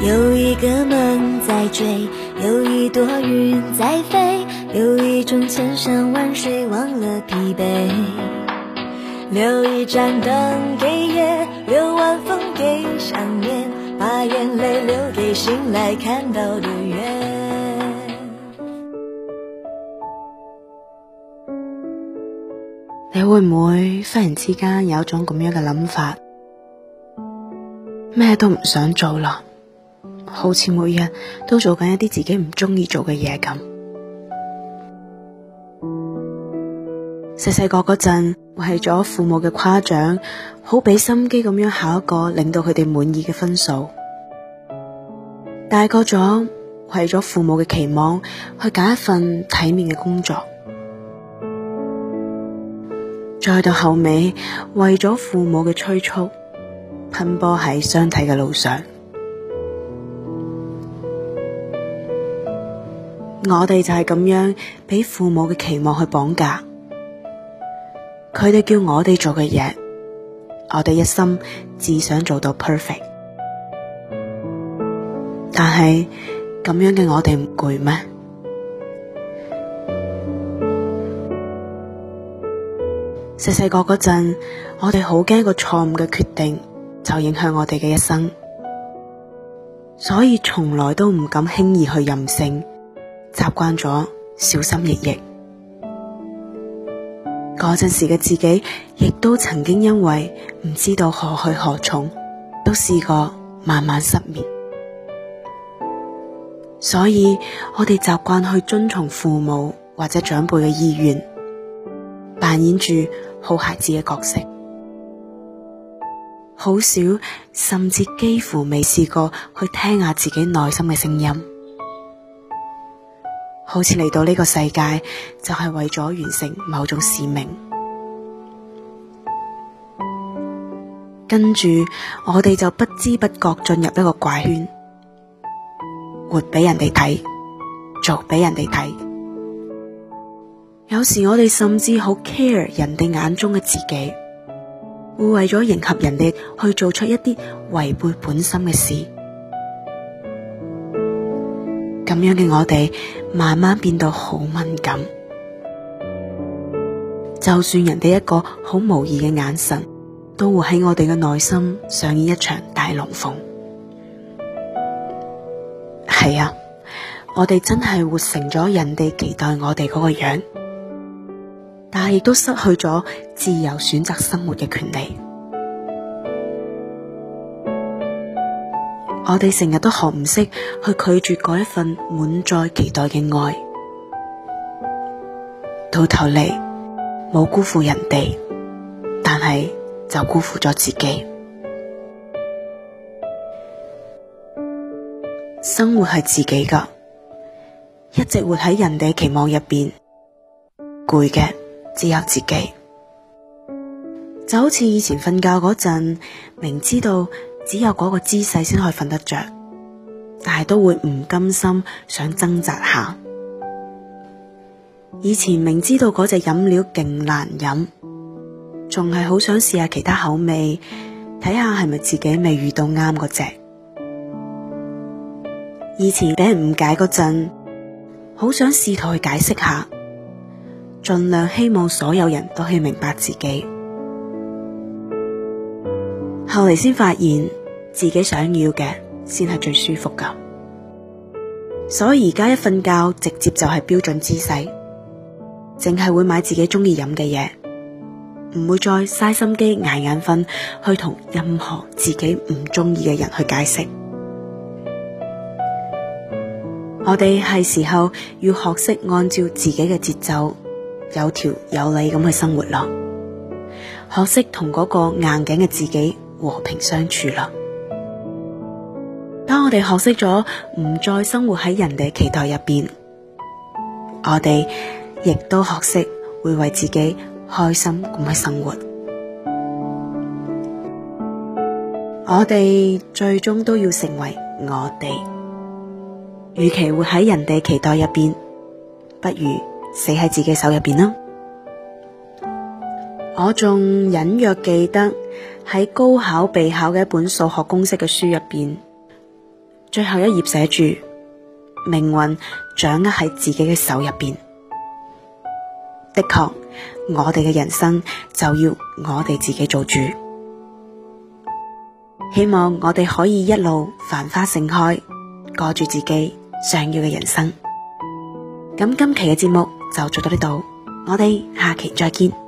有一個夢在追，有一朵雲在飛，有一種千山萬水忘了疲憊。留一盞燈給夜，留晚風給想念，把眼淚留給醒來看到的月。你會唔會忽然之間有一種咁樣嘅諗法，咩都唔想做啦？好似每日都做緊一啲自己唔中意做嘅嘢咁。細細個嗰陣為咗父母嘅誇獎，好俾心機咁樣考一個令到佢哋滿意嘅分數；大個咗為咗父母嘅期望，去揀一份體面嘅工作；再到後尾為咗父母嘅催促，奔波喺相睇嘅路上。我哋就係咁樣俾父母嘅期望去綁架，佢哋叫我哋做嘅嘢，我哋一心只想做到 perfect，但係咁樣嘅我哋唔攰咩？細細個嗰陣，我哋好驚個錯誤嘅決定就影響我哋嘅一生，所以從來都唔敢輕易去任性。習慣咗小心翼翼，嗰陣時嘅自己亦都曾經因為唔知道何去何從，都試過慢慢失眠。所以我哋習慣去遵從父母或者長輩嘅意願，扮演住好孩子嘅角色，好少甚至幾乎未試過去聽下自己內心嘅聲音。好似嚟到呢個世界，就係為咗完成某種使命。跟住我哋就不知不覺進入一個怪圈，活俾人哋睇，做俾人哋睇。有時我哋甚至好 care 人哋眼中嘅自己，會為咗迎合人哋去做出一啲違背本心嘅事。咁樣嘅我哋，慢慢變到好敏感，就算人哋一個好無意嘅眼神，都會喺我哋嘅內心上演一場大龍鳳。係啊，我哋真係活成咗人哋期待我哋嗰個樣，但係亦都失去咗自由選擇生活嘅權利。我哋成日都學唔識去拒絕嗰一份滿載期待嘅愛，到頭嚟冇辜負人哋，但係就辜負咗自己。生活係自己噶，一直活喺人哋期望入邊，攰嘅只有自己。就好似以前瞓覺嗰陣，明知道。只有嗰個姿勢先可以瞓得着，但係都會唔甘心，想掙扎下。以前明知道嗰隻飲料勁難飲，仲係好想試下其他口味，睇下係咪自己未遇到啱嗰隻。以前俾人誤解嗰陣，好想試圖去解釋下，盡量希望所有人都可以明白自己。後嚟先發現。自己想要嘅先係最舒服噶所以而家一瞓覺直接就係標準姿勢，淨係會買自己中意飲嘅嘢，唔會再嘥心機捱眼瞓去同任何自己唔中意嘅人去解釋。 我哋係時候要學識按照自己嘅節奏，有條有理咁去生活囉。學識同嗰個硬頸嘅自己和平相處啦。當我哋學識咗唔再生活喺人哋期待入邊，我哋亦都學識會，會為自己開心咁去生活。我哋最終都要成為我哋，與其活喺人哋期待入邊，不如死喺自己手入邊啦。我仲隱約記得喺高考備考嘅一本數學公式嘅書入邊。最後一頁寫住命運掌握喺自己嘅手入邊。的確，我哋嘅人生就要我哋自己做主。希望我哋可以一路繁花盛開，過住自己想要嘅人生。咁今期嘅節目就做到呢度，我哋下期再見。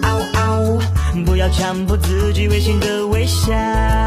不要強迫自己違心的微笑。